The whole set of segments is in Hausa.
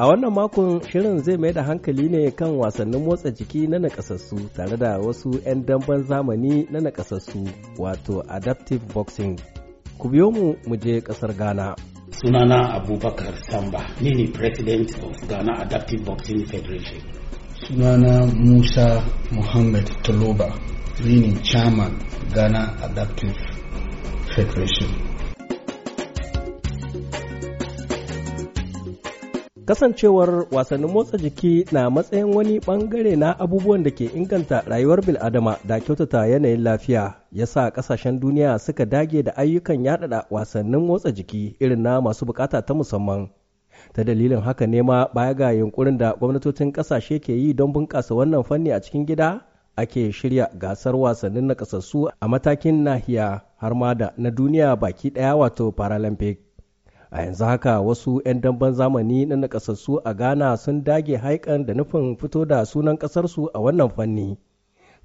A wannan makon shirin zai mai da hankali ne kan wasannin motsa jiki na nakasassu tare da wasu 'yan damben zamani na nakasassu wato adaptive boxing. Ku biyo mu mu je kasar Ghana. Sunana Abubakar Samba, ni ne President of Ghana Adaptive Boxing Federation. Sunana Musa Muhammad Taloba, ni ne Chairman Ghana Adaptive Federation. Kasancewar wasannin motsa jiki na matsayin wani bangare na abubuwan da ke inganta rayuwar bil'adama da kyautata yanayin lafiya ya sa kasashen duniya suka dage da ayyukan yaɗaɗa wasannin motsa jiki irin na masu bukata ta musamman. Ta dalilin haka ne ma baya ga yunkurin da gwamnatocin kasashe ke yi don bunƙasa wannan fanni a cikin gida ake shirya gasar wasannin nakasassu a matakin nahiya har ma da na duniya baki ɗaya wato Paralympic. a yanzu haka wasu 'yan damben zamani na nakasassu a ghana sun dage haikan da nufin fito da sunan kasarsu a wannan fanni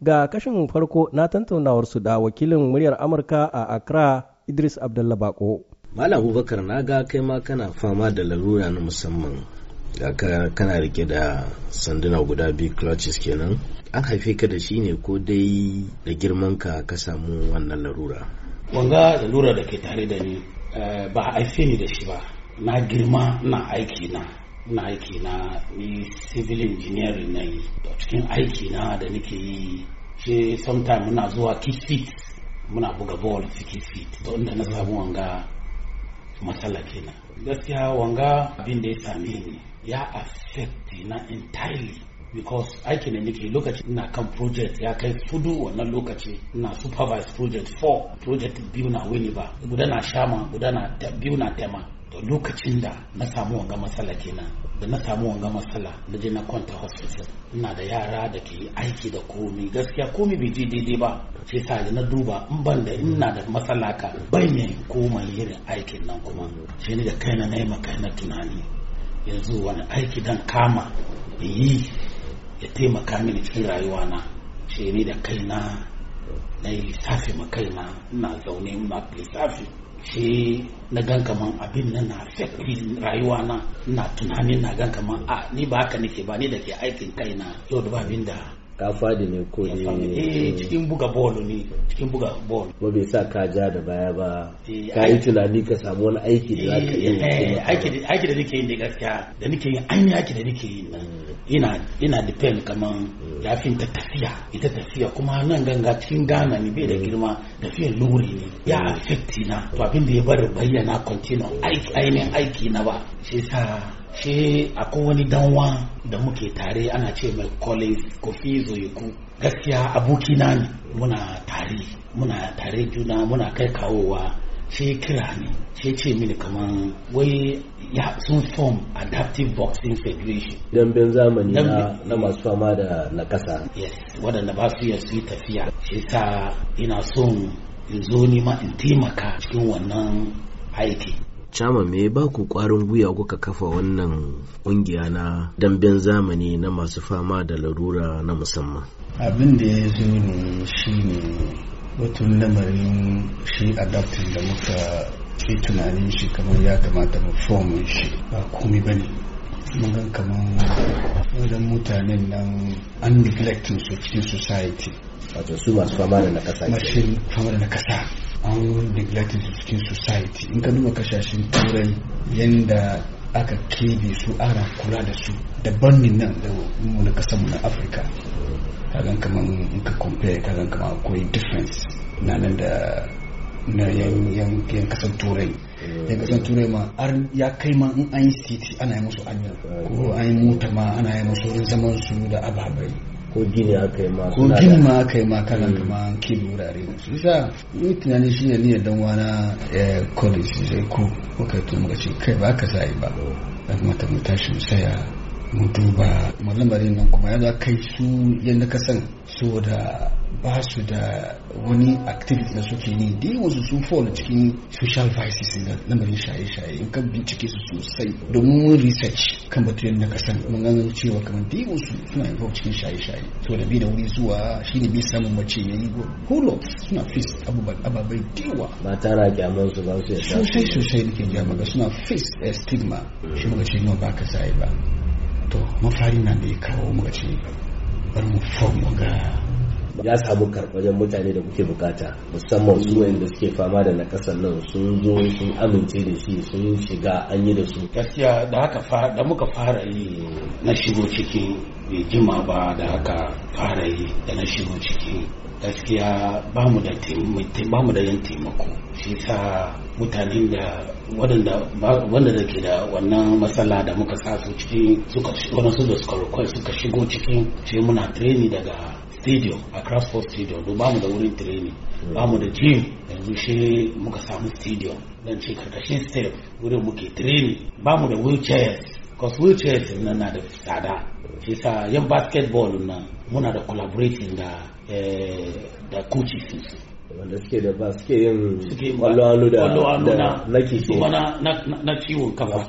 ga kashin farko na tantaunawar su da wakilin muryar amurka a accra idris abdullah bako malam abubakar na ga kai ma kana fama da larura na musamman ga kana rike da sanduna guda biyu clutches kenan an haife ka da shi ne ko dai da girman ka ka samu wannan larura wanga larura da ke tare da ni Eh, ba a haife ni da shi ba na girma na aiki na na aiki na ni civil engineering na yi cikin aiki na da nake yi shi sometime muna zuwa kickfit muna buga ball su kickfit to inda na samu wanga matsala kenan gaskiya wanga abin da ya same ni ya affect na entirely because aikin da nake lokaci ina kan project ya kai fudu wannan lokaci ina supervise project 4 project biyu na wani ba guda na shama guda na biyu na tema to lokacin da na samu wanga matsala kenan da na samu wanga matsala na je na kwanta hospital ina da yara da ke aiki da komi gaskiya komi bai je daidai ba sai sa na duba in ban da ina da matsala ka bai ne koma irin aikin nan kuma shi ne da kaina na yi maka na tunani yanzu wani aiki dan kama yi ya taimaka mini cikin rayuwa na shi ne da kaina na yi lissafi ma kaina na zaune ina lissafi shi na gan kaman abin nan na affecting rayuwa na na tunanin na gan kaman a ah, ni ba haka nake ba ni da ke aikin kaina yau da ba abin da ka fadi ne ko eh? eh cikin buga bolo ne cikin buga bolo ba bai sa ka ja da baya ba eh, ka yi tunani ka samu wani aiki da za ka yi aiki da nake yi da gaskiya da nake yi an yaki da nake yi ina ina depend kaman yafin ta tafiya ita tafiya kuma nan ganga cikin gana ne bai da girma tafiyar luri ne ya affect na to abin da ya bar bayyana continue aiki ainihin aiki na ba shi sa shi akwai wani danwa da muke tare ana ce mai collins kofi zoyiku gaskiya abokina ne muna tare muna tare juna muna kai kawowa shi kira ne shi ce mini kamar wai ya sun form adaptive boxing federation damben zamani na masu fama da nakasa yes waɗanda ba su iya su yi tafiya shi sa ina son in zo nima in taimaka cikin wannan aiki Chama me ba ku kwarin gwiwa kuka kafa wannan ƙungiya na damben zamani na masu fama da larura na musamman. Abin da ya zo ne shi ne wutun lamarin shi adaptin da muka ke tunanin shi kamar ya kamata mu fomin shi ba komi ba ne. Mun kamar wajen mutanen nan an neglecting su cikin society. Wato su masu fama da na ƙasa. fama da nakasa. an neglected su cikin society in ka duba kashashen turai yadda aka kebe su ana kula da su da birnin nan da mu na kasar mu na afirka kagan kamar in ka compare kagan kamar akwai difference na nan da na yan kasar turai yan kasar turai ma har ya kai ma in an yi city ana yi musu anya ko an yi mota ma ana yi musu zaman su da ababai ko gini aka yi ma ko gini ma aka yi ma kana hmm. kama kin wurare su sha ni tunani shi ne niyyar dan wana eh, college sai ko muka to muka ce kai ba ka yi ba da hmm. kuma mu tashi saya mu ba malamarin nan kuma ya kai su yadda ka san so da ba su da wani activity na suke ne da yawan su sun fall cikin social vices na lamarin shaye-shaye in ka bincike su sosai domin wani research kan batun da kasan mun gano cewa kamar da yi su suna involve cikin shaye-shaye so da bi da wuri zuwa shi ne bi samun mace ne yi holo suna face ababai dewa ba tara kyaman su ba su yadda sosai sosai da ke jama'a suna face stigma mm. shi muka ce ba ka ba to mafari na da ya kawo mu ci bari mu fam mu ga ya samu karɓajen mutane da kuke bukata musamman su wanda suke fama da nakasar nan sun zo sun amince da shi sun shiga an yi da su gaskiya da haka da muka fara yi na shigo ciki bai jima ba da haka fara yi da na shigo ciki gaskiya ba mu da ba mu da yin taimako shi sa mutane da wanda da ke da wannan matsala da muka sa su cikin suka da suka suka shigo cikin sai muna training daga stadium across for stadium don bamu da wurin training bamu da gym yanzu shi muka samu stadium don ce karkashin step wurin muke training bamu da wheelchairs cause wheelchairs na na da tsada shi sa yan basketball na muna da collaborating da eh, da coaches su wanda suke da ba suke yin kwallo da na na ciwon kafa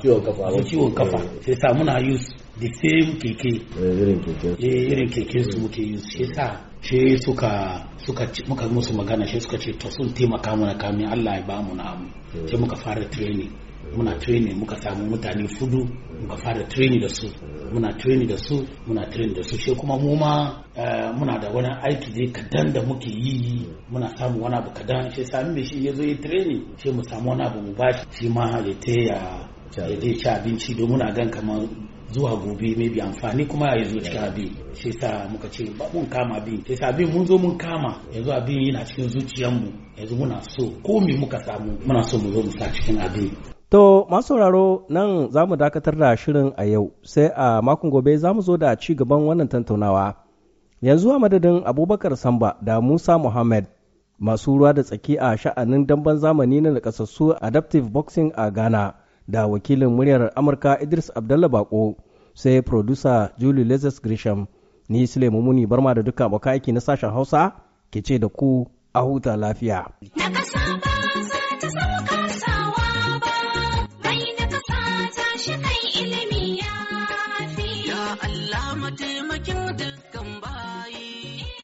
ciwon kafa eh. sai sa muna use the same keke eh, eh, irin keke su muke yi shi sa shi suka suka muka musu magana shi suka ce to sun taimaka mana kamin Allah ya ba mu na amu eh. sai muka fara training muna training muka samu mutane fudu muka fara training da su muna training da su muna training da su shi kuma mu ma muna da wani aiki dai kadan da muke yi muna samu wani abu kadan shi sami mai shi ya zo yi training shi mu samu wani abu mu ba. shi ma ya taya ya je ci abinci domin a gan kamar zuwa gobe mai bi amfani kuma ya zo cikin abin shi sa muka ce ba kama abin shi sa abin mun zo mun kama yanzu abin yana cikin zuciyarmu yanzu muna so ko me muka samu muna so mu zo mu sa cikin abin To masu sauraro nan za mu dakatar da shirin a yau sai a makon gobe za mu zo da ci gaban wannan tantaunawa. Yanzu a madadin Abubakar Samba da Musa Muhammad masu ruwa da tsaki a sha'anin damben zamani na nakasassu Adaptive Boxing a Ghana. da wakilin muryar Amurka Idris Abdallah Bako sai producer Julie Lazarus Grisham ni Sulaimu Muni barma da duka abokan aiki na sashen Hausa ke ce da ku a huta lafiya.